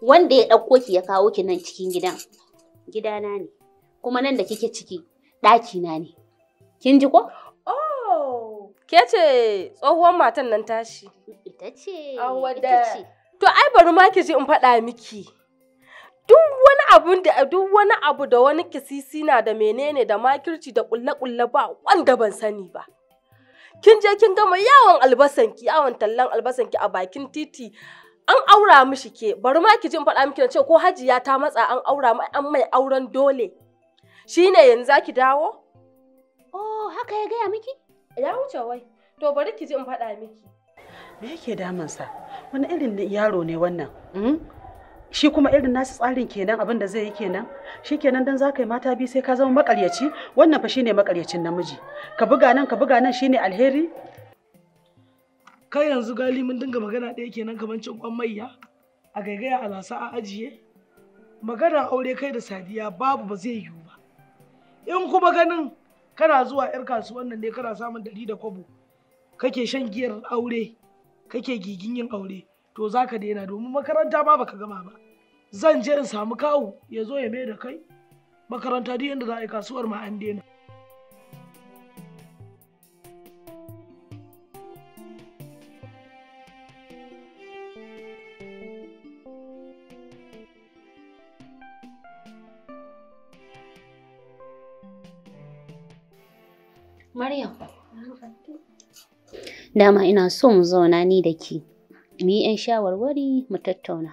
wanda ya ɗauko ki ya kawo ki nan cikin gidan gidana ne kuma nan da kike ciki ɗaki na ne kin ji ko oh ke ce tsohuwar matan nan tashi ita ce ita ce to ai bari ma ki ji in faɗa miki duk wani abu da duk wani abu da wani kisisi na da menene da makirci da kulle-kulle ba wanda ban sani ba kin je kin gama yawon albasanki yawon tallan albasanki a bakin titi an aura mishi ke bari ma ki jin faɗa miki na ce ko hajiya ta matsa an aura an mai auren dole shine yanzu zaki dawo oh haka ya gaya miki ya wuce wai to bari ki ji in faɗa miki me yake sa wani irin yaro ne wannan hmm? shi kuma irin nasu tsarin kenan abin da zai yi kenan shi kenan dan zaka yi mata biyu sai ka zama makaryaci wannan fa shine makaryacin namiji ka buga nan ka buga nan shine alheri kai yanzu gali mun dinga magana ɗaya kenan kamar cin kwan maiya a gaigaya a lasa a ajiye maganar aure kai da sadiya babu ba zai yiwu ba in kuma ganin kana zuwa yar kasuwan nan ne kana samun dari da kwabo kake shan giyar aure kake gigin yin aure to za ka daina domin makaranta ma baka gama ba zan je in samu kawu ya zo ya mai da kai makaranta duk yadda za a yi kasuwar ma an daina Dama ina so mu zauna ni da ke, mu yi 'yan shawarwari mu tattauna.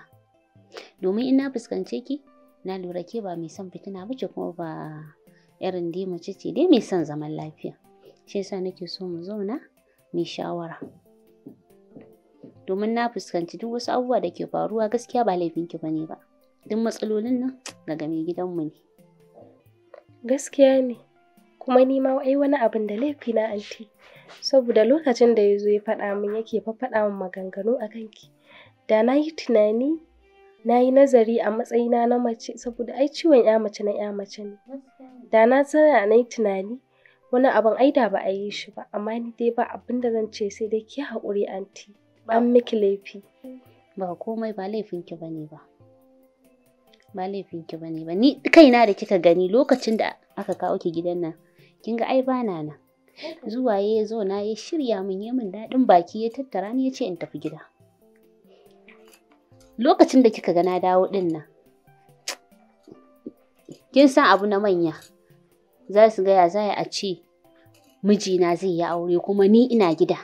Domin ina na fuskance ki, na lura ke ba mai son fitina ba ce kuma ba irin dai mace ce dai mai son zaman lafiya. Shi yasa nake so mu zauna mai shawara. Domin na fuskanci duk wasu abubuwa da ke faruwa gaskiya ba laifinki ba ne ba. Duk matsalolin nan daga mai gidanmu ne. Gaskiya ne, kuma ni ma ai wani abin da laifi na anti. saboda lokacin da ya zo ya faɗa min yake fa faɗa min maganganu a kanki da na yi tunani na yi nazari a matsayina na mace saboda ai ciwon ya mace na ya mace ne da na tsaya na yi tunani wani abun ai da ba a yi shi ba amma ni dai ba abin da zan ce sai dai ki haƙuri anti an miki laifi ba komai ba laifinki bane ba ba laifinki bane ba ni kaina da kika gani lokacin da aka kawo ki gidan nan kin ga ai bana nan zuwa ya na ya shirya min ya min daɗin baki ya tattara ni ya ce in tafi gida lokacin da kika gana dawo ɗin nan kin san abu na manya za su gaya za a ce mijina zai yi aure kuma ni ina gida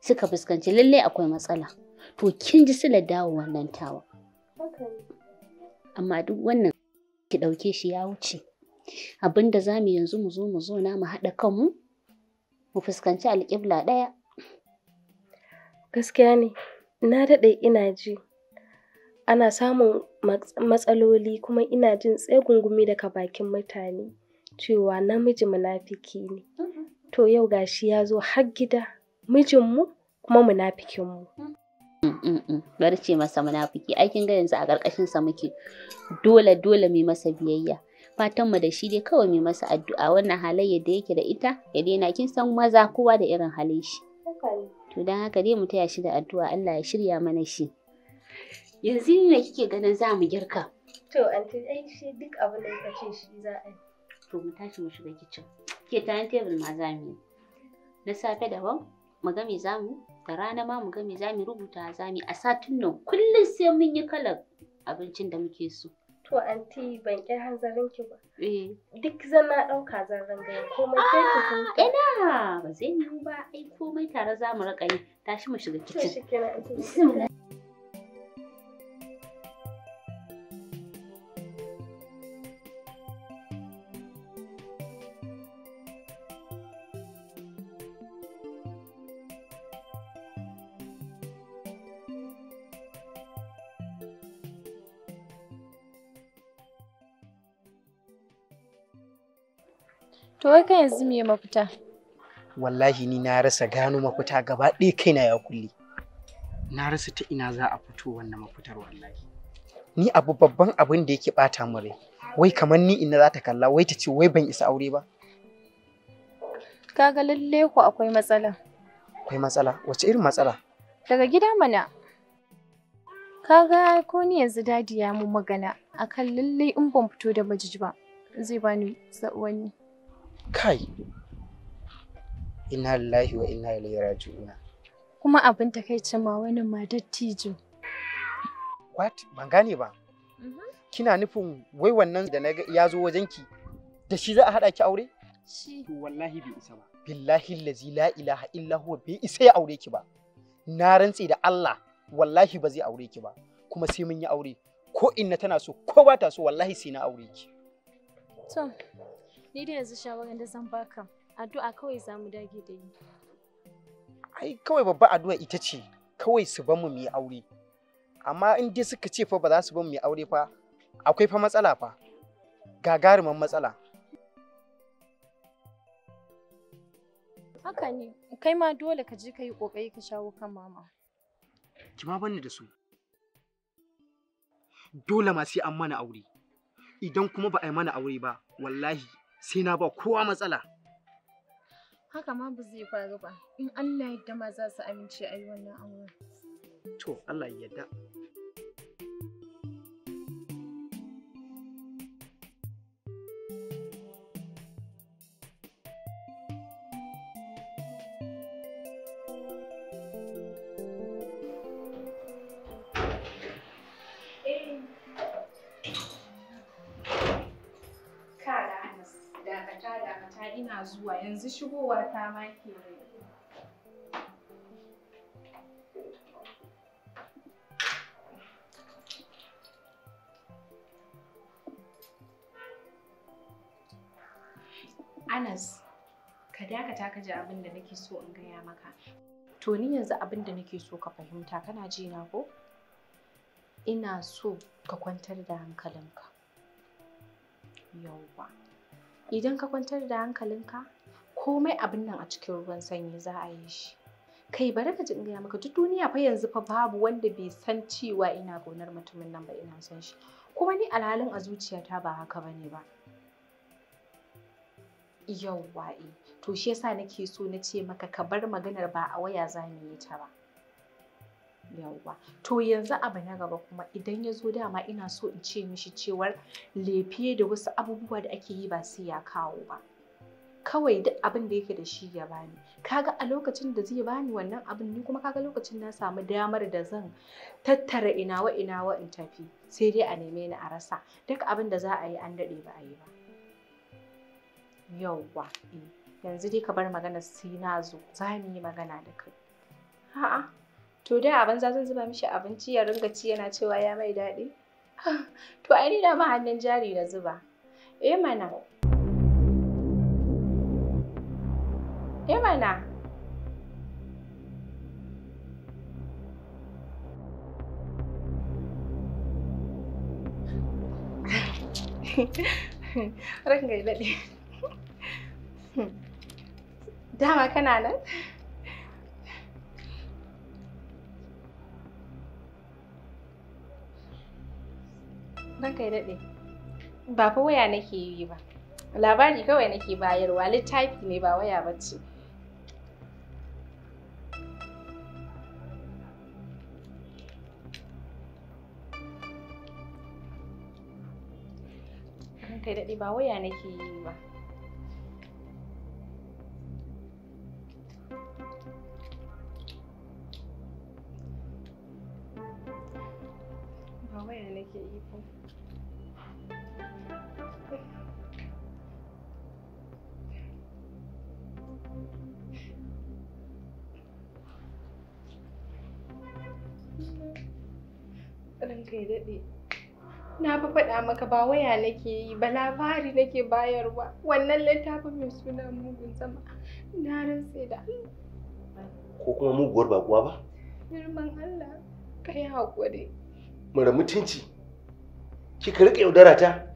suka fuskanci lallai akwai matsala to kin ji silar dawo wannan tawa amma duk wannan ki ɗauke shi ya wuce Abinda da za mu yanzu mu zo mu zo na mu haɗa kanmu mu fuskanci alƙibla ɗaya. Gaskiya ne, na daɗe ina ji. Ana samun matsaloli kuma ina jin gungumi daga bakin mutane cewa namiji munafiki ne. To yau gashi ya zo har gida, mijinmu kuma munafikinmu. Bari masa munafiki, aikin ga yanzu a ƙarƙashinsa muke, dole dole mai masa biyayya. Fatanmu da shi dai kawai mai masa addu'a wannan halayyar da yake da ita ya daina kin san maza kowa da irin halin shi to dan haka dai mu taya shi da addu'a Allah ya shirya mana shi yanzu ne kike ganin za mu girka to anti ai shi duk abin da kika ce shi za a yi to mu tashi mu shiga kicin ke tayan table ma za mu yi na safe daban mu ga me za mu da rana ma mu ga me za mu rubuta za mu yi a satin nan kullum sai mun yi kalar abincin da muke so To anti ban ƙi hanzarin ki ba. Eh. Duk zan na ɗauka zan gaya komai sai ki ah, huta. Ina ba zai yiwu ba ai komai tare za mu riƙa yi tashi mu shiga kicin. To wai kai yanzu me mafita? Wallahi ni na rasa gano mafita gaba ɗaya kaina ya kulle. Na rasa ta ina za a fito wannan mafitar wallahi. Ni abu babban abin da yake bata mu rai. Wai kamar ni ina za ta kalla wai ta ce wai ban isa aure ba. Kaga lalle ku akwai matsala. Akwai matsala? Wace irin matsala? Daga gida mana. Kaga ko ni yanzu dadi ya mu magana akan lalle in ban fito da majiji ba zai bani sa'uwani. kai inna lillahi wa inna ilaihi raji'un kuma abin takeice ma wani ma dattijo what ban gane ba mm-hmm. kina nufin wai wannan da naga ya zo wajenki da shi za a hada ki aure shi wallahi bai isa ba billahi allazi la ilaha illa huwa bai isa ya aure ki ba na rantse da Allah wallahi ba zai aure ki ba kuma sai mun yi aure ko inna tana so ko ba ta so wallahi sai na aure ki to Ni da yanzu shawarar da zan baka, addu'a kawai za mu dage da yi. Ai kawai babba addu'a ita ce kawai su bamu mu yi aure. Amma in dai suka ce fa ba za su bamu mu yi aure fa akwai fa matsala fa. Gagarumin matsala. Haka ne, kai ma dole ka je ka yi ƙoƙari ka shawo kan mama. Ki ma bani da su. Dole ma sai an mana aure. Idan kuma ba a yi mana aure ba, wallahi sai na ba kowa matsala. Haka ma ba zai faru ba, in Allah yadda ma za su amince a yi wannan auren. To, Allah ya yarda. zuwa yanzu shigowar ta ma ke Anas, ka dakata ka ji abin da nake so in gaya maka. To ni yanzu abin da nake so ka fahimta kana ji na ko? Ina so ka kwantar da hankalinka. Yawwa. idan ka kwantar da hankalinka komai abin nan a cikin ruwan sanyi za a yi shi kai bari ka ji in gaya maka duk duniya fa yanzu fa babu wanda bai san cewa ina gonar mutumin nan ba ina son shi kuma ni alhalin a zuciyata ba haka bane ba yauwa eh to shi yasa nake so na ce maka ka bar maganar ba a waya za mu yi ta ba yawwa to yanzu abu na gaba kuma idan ya zo dama ina so in ce mishi cewar lefe da wasu abubuwa da ake yi ba sai ya kawo ba kawai duk abin da yake da shi ya bani kaga a lokacin da zai bani wannan abin ni kuma kaga lokacin na samu damar da zan tattara ina wa ina wa in tafi sai dai a neme ni a rasa duk abin da za a yi an daɗe ba a yi ba yauwa eh. yanzu dai ka bar magana sai na zo za mu yi magana da kai a'a to dai abin banza zan zuba mishi abinci ya ringa ci yana cewa ya mai daɗi to ai ni ma hannun jari na zuba eh mana eh mana dama kana nan Ranka ya daɗe. Ba fa waya nake yi ba. Labari kawai nake bayarwa littafi ne ba waya ba ce. Kanka ya daɗe ba waya nake yi ba. maka ba waya nake yi ba labari nake bayarwa wannan littafin mai suna mugun zama na rantse da ko kuma muguwar bakuwa ba girman Allah ka yi haƙuri mara mutunci ka rika yaudara ta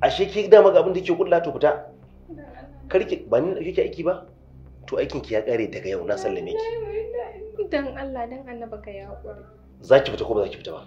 ashe ki dama maka abin da ke kulla to fita ka karki ba ni kike aiki ba to aikin ki ya kare daga yau na sallame ki dan Allah dan annaba ka yi haƙuri za ki fita ko ba za ki fita ba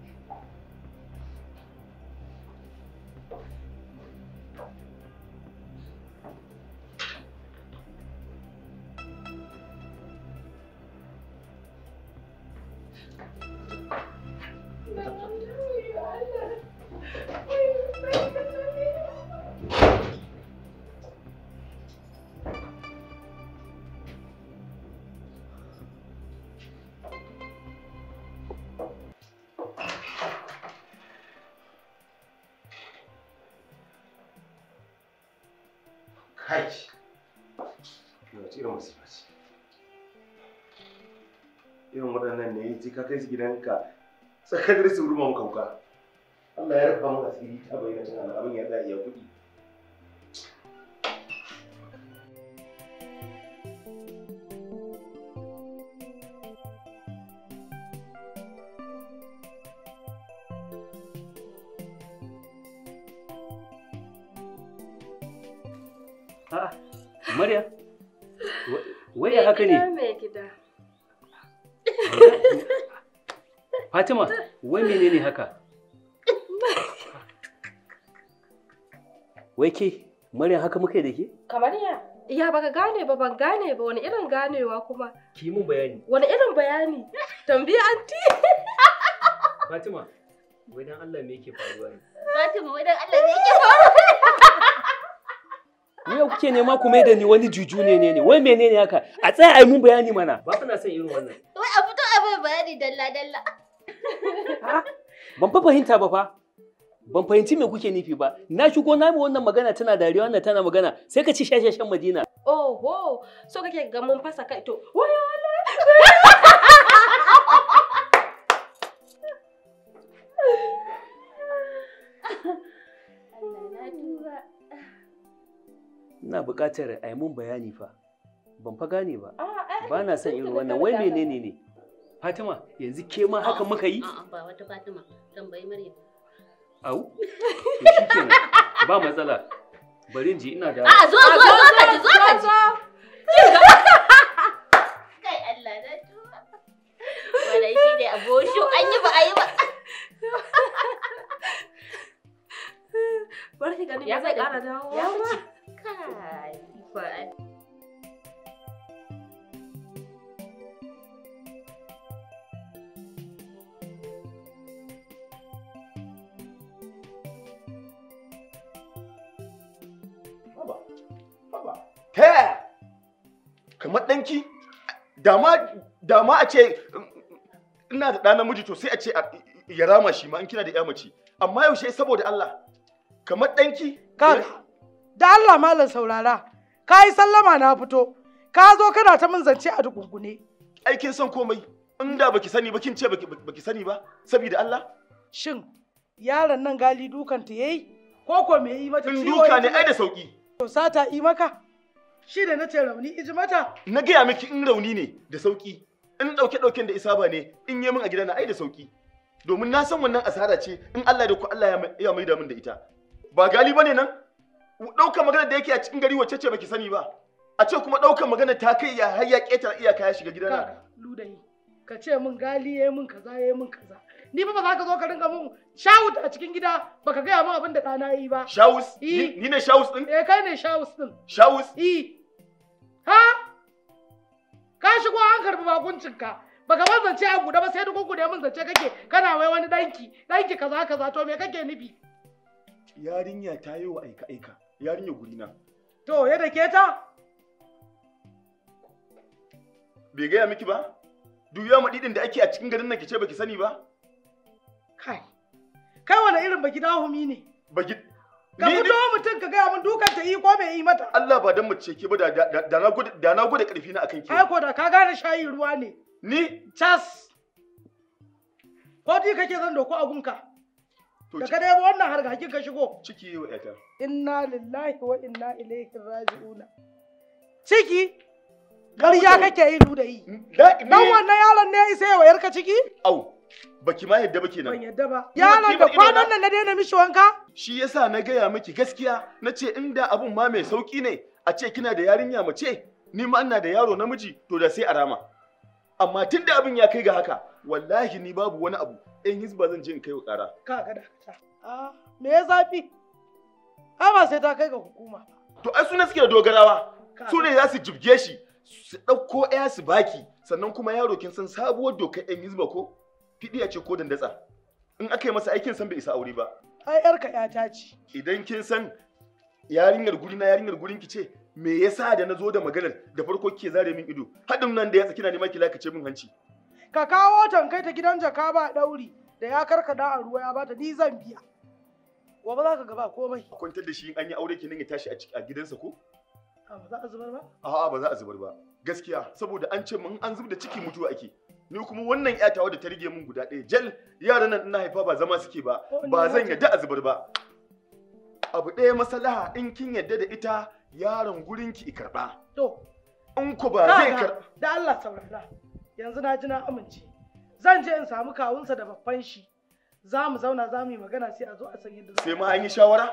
No. ka kai su gidanka tsakar da su ruma kauka Allah ya rufa maka asiri ta bayyana tun al'amin ya tsaya iya kuɗi Maria, wai ya haka ne? Fatima, wai menene haka? Wai ke, Maryam haka muka yi da ke? Kamar ya. Ya baka gane ba ban gane ba wani irin ganewa kuma. Ki mun bayani. Wani irin bayani? Tambi anti. Fatima, wai dan Allah me yake faruwa ne? Fatima, wai dan Allah me yake faruwa ne? Yau kuke nema ku mai da ni wani juju ne ne ne, wai menene haka? A tsaya yi mun bayani mana. Ba na son irin wannan. Wai a fito a bayani dalla dalla. Ban fa fahimta ba fa. Ban fahimci me kuke nufi ba. Na shigo na wannan magana tana dariya wannan tana magana sai ka ci shashashen Madina. Oho, so kake ga mun fasa kai to. Wai Ina buƙatar a yi mun bayani fa. Ban fa gane ba. Ah, ba na son irin wannan. Wai menene ne? ne. Fatima yanzu ke ma haka oh, muka yi? A'a ba wata Fatima tambayi Maryam. Au? ba matsala. Bari ji ina da A'a zo zo zo ka ji zo ka ji. Kai Allah na tuba. Wala shi ne abosho an yi ba a yi ba. Barki ganin ba zai kara dawo ba. Kai. kamar ɗanki da ma a ce ina da ɗa namiji to sai a ce ya rama shi ma in kina da ya mace amma yaushe saboda Allah kamar ɗanki da Allah malam saurara ka yi sallama na fito ka zo kana ta min zance a dukungune aikin son komai inda baki sani ba kin ce baki sani ba saboda Allah shin yaron nan gali dukan ta yayi ko ko me yi mata ciwo duka ne ai da sauki to sata yi maka Shi da na ce rauni iji mata? Na gaya miki in rauni ne da sauki. In ɗauke ɗauken da isaba ne in yi min a gidana ai da sauki. Domin na san wannan asara ce in Allah da ku Allah ya mai da min da ita. Ba gali ba ne nan? Ɗaukar magana da yake a cikin gari wacce ce baki sani ba. A ce kuma ɗaukar magana ta kai ya har ya ƙetare iyaka ya shiga gidana. Ludayi, ka ce min gali ya min kaza ya min kaza. ni ba za ka zo ka ringa mun shawut a cikin gida baka gaya mun abin da ɗana yi ba shawus eh. ni ne shawus din eh kai ne shawus din shawus i eh. ha ka shigo an karbi bakuncin ka baka ban zance a guda ba sai duk guda mun zance kake kana wai wani danki danki kaza kaza to me kake nufi yarinya ta yi wa aika aika yarinya gurina to yadda ke ta bai gaya miki ba duk yawan madidin da ake a cikin garin nan ke ce baki sani ba Kai. Kai wani irin baki dahumi ne? Baki Ka fito mutum ka gaya mun dukan ta yi ko bai yi mata. Allah ba dan mace ke ba da na gudu da na gudu karfi na akan ke. Ai ko da ka gane shayi ruwa ne. Ni cas. Ko dai kake zan doko a gunka. daga ka dai wannan har hakin ka shigo. Ciki yi wa ƴata. Inna lillahi wa inna ilaihi raji'una. Ciki Ƙarya kake yi da yi. Dan wannan yaron ne ya isa ya wayar ka ciki? Au. baki ma yadda ba kenan ban yadda ba yaron da kwanan nan na daina mishi wanka shi yasa na gaya miki gaskiya na ce inda abun ma mai sauki ne a ce kina da yarinya mace ni ma ina da yaro namiji to da sai a rama amma tunda abin ya kai ga haka wallahi ni babu wani abu in hisba zan je in kai wa ka kaga da a me ya zafi ba sai ta kai ga hukuma to ai su ne suke da dogarawa su ne za su jibge shi su ɗauko ɗaya su baki sannan kuma yaro kin san sabuwar dokar yan hizba ko fidiya ce ko dandatsa in aka yi masa aikin san bai isa aure ba ai yarka ya ce idan kin san yarinyar guri na yarinyar gurin ki ce me yasa da na zo da maganar da farko kike zare min ido hadin nan da ya tsaki na nema ki lakace min hanci ka kawo tankai ta gidan jaka ba dauri da ya karkada a ruwa ya bata ni zan biya gobe za ka gaba komai kwantar da shi in an yi aure kenan ya tashi a gidansa ko ba za a zubar ba a'a ba za a zubar ba gaskiya saboda an ce mun an zub da ciki mutuwa ake ni kuma wannan ya tawa da ta rige min guda ɗaya jal yaran nan ina haifa ba zama suke ba ba zan yadda a zubar ba abu ɗaya masalaha, in kin yadda da ita yaron gurin ki karɓa to in ku ba zai karɓa da Allah saurara yanzu na ji na amince zan je in samu kawunsa da babban shi za mu zauna za mu yi magana sai a zo a san yadda sai ma an yi shawara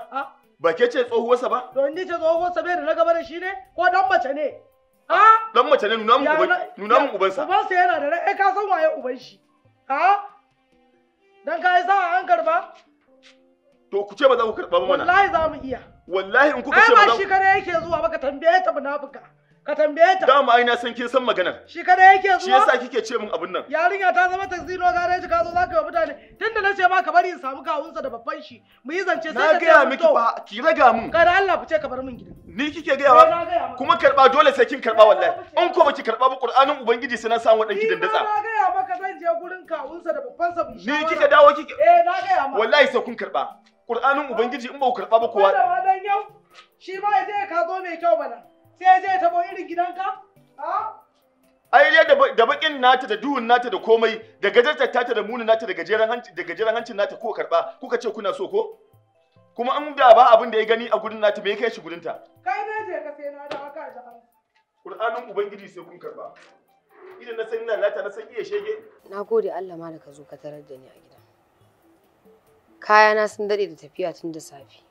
ba ke ce tsohuwarsa ba to in ni ce tsohuwarsa bai da na gaba da shi ne ko dan mace ne dan mace ne nuna mun uban nuna mun uban sa yana da rai eh, ka san waye uban shi Ha? dan kai sa an karba to ku ce ba za ku karba ba mana wallahi za mu iya wallahi in kuka ce ba za ku ai ba shi kare yake zuwa baka tambaye ta munafika Ka tambaye ta. Dama aina san kin san maganar. Shi kada yake zuwa. Shi yasa kike ce min abin nan. Yarinya ta zama taksino gareji ka zo za yi mutane. Tunda na ce ma ka bari in samu kawunsa da babban shi. Mu yi zance sai ka gaya miki ba ki raga mun Kada Allah fice ka bar min gida. Ni kike gaya wa kuma karba dole sai kin karba wallahi. In ko baki karba ba Qur'anin Ubangiji sai na samu wadanki dandatsa. Ni na gaya maka zan je gurin kawunsa da babban sa. Ni kike dawo kike. Eh na gaya maka. Wallahi sai kun karba. Qur'anin Ubangiji in ba ku karba ba kowa. Shi ma ya je ka zo mai kyau bana. sai zai taɓa irin gidanka ai dai da bakin nata da duhun nata da komai da gajartar tata da munin nata da gajeren hanci da gajeren hancin nata ko karba kuka ce kuna so ko kuma an da ba abin da ya gani a gurin nata me kai shi gurin ta kai ne je ka sai na da aka da Qur'anin ubangiji sai kun karba idan na san ina nata na san iya shege na gode Allah ma da ka zo ka tarar da ni a kaya kayana sun dade da tafiya tun da safe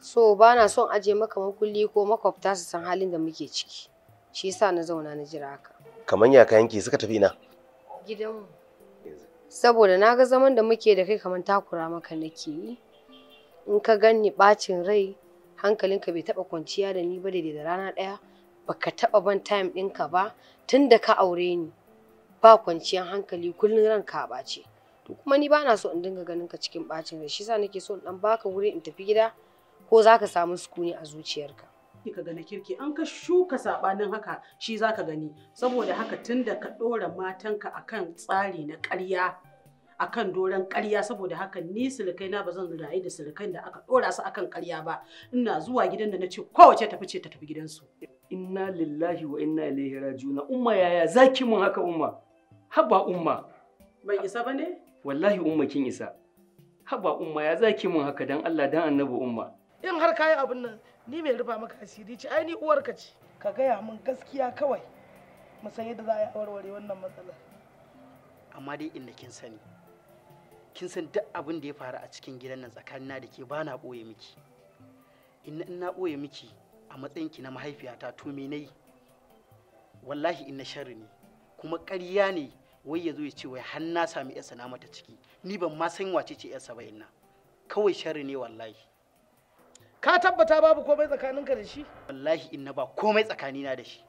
so ba na son aje maka makulli ko makwabta su san halin da muke ciki shi yasa na zauna na jira haka kamar ya kayan suka tafi na gidanmu saboda na ga zaman da muke da kai kamar takura maka nake yi in ka ganni bacin rai hankalinka bai taba kwanciya da ni ba daidai da rana daya baka taba ban time ɗinka ba tun da ka aure ni ba kwanciyar hankali kullum ranka a ɓace to kuma ni ba na so in dinga ganin ka cikin ɓacin rai shi yasa nake so in dan baka wuri in tafi gida ko za ka samu sukuni a zuciyarka. ka gani kirki an ka shuka sabanin haka shi za ka gani saboda haka tunda ka ɗora matanka akan tsari na ƙarya akan doron ƙarya saboda haka ni silikai na ba zan rayu da silikan da aka ɗora su akan ƙarya ba ina zuwa gidan da na ce kowace tafi ce ta tafi gidansu. Inna lillahi wa inna ilaihi rajiun umma yaya zaki mun haka umma haba umma. Ban isa ba ne? Wallahi umma kin isa. Haba umma ya zaki mun haka dan Allah dan annabi umma. in har kayi abin nan ni mai rufa maka asiri ce ai ni uwarka ce ka gaya mun gaskiya kawai mu san yadda za a yi warware wannan matsalar amma dai inda kin sani kin san duk abin da ya faru a cikin gidan nan tsakanina da ke ba na ɓoye miki inna na boye miki a matsayin ki na mahaifiyata to me nayi wallahi inna sharri ne kuma ƙarya ne wai ya zo ya ce wai har na sami yarsa na mata ciki ni ban ma san wace ce yarsa ba inna kawai sharri ne wallahi ka tabbata babu komai tsakaninka da shi wallahi in na ba komai tsakanina da shi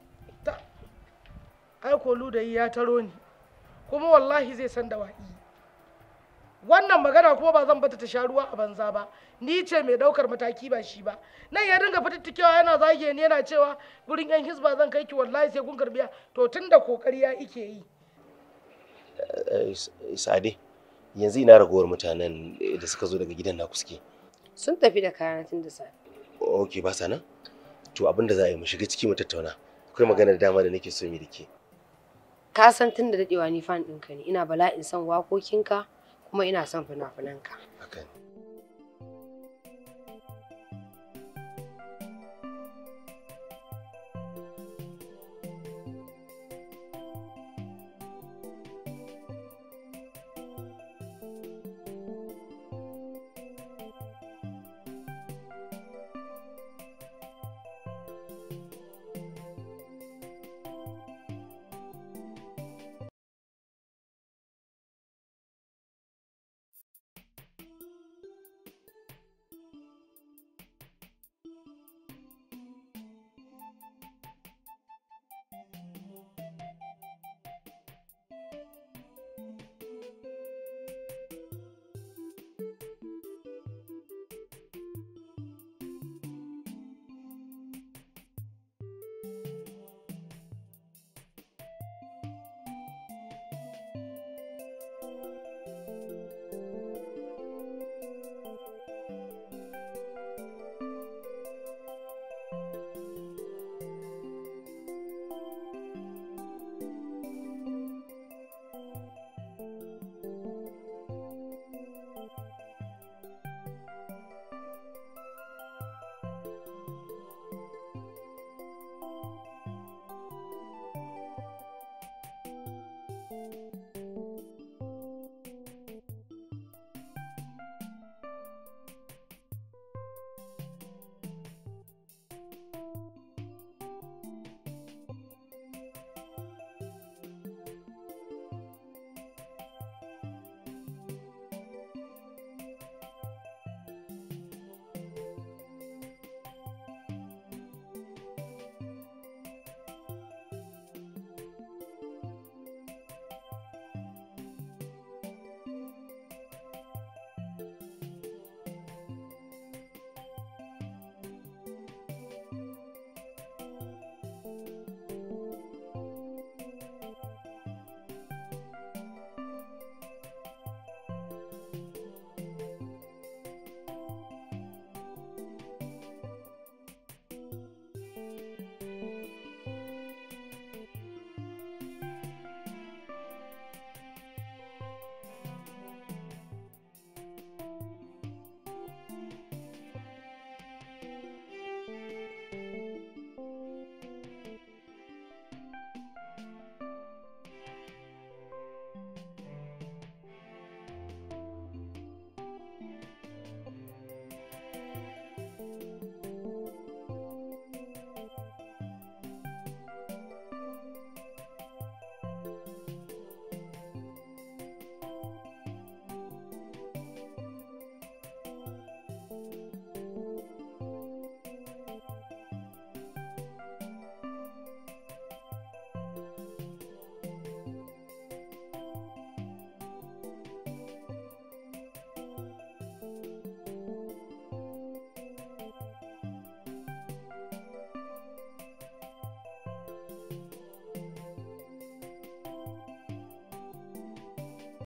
ai ko yi ya taro ni kuma wallahi zai san da waki. wannan magana kuma ba zan bata ta sha ruwa a banza ba ni ce mai daukar mataki ba shi ba nan ya dinga fitattakewa yana zage ni yana cewa gurin yan hisba zan kai ki wallahi sai kun karbiya to tunda kokari ya ike yi eh, eh, sade yanzu ina ragowar mutanen da suka zo daga gidan na kuske Sun tafi da kayana tun da safe. Ok, ba sa nan? To abin da za a yi mu shiga ciki mu tattauna. Akwai magana da dama da nake so mu dake. Ka san tun da daɗewa ni fan ɗinka ne. Ina bala'in san wakokinka kuma ina son fina-finanka. Hakan. Okay.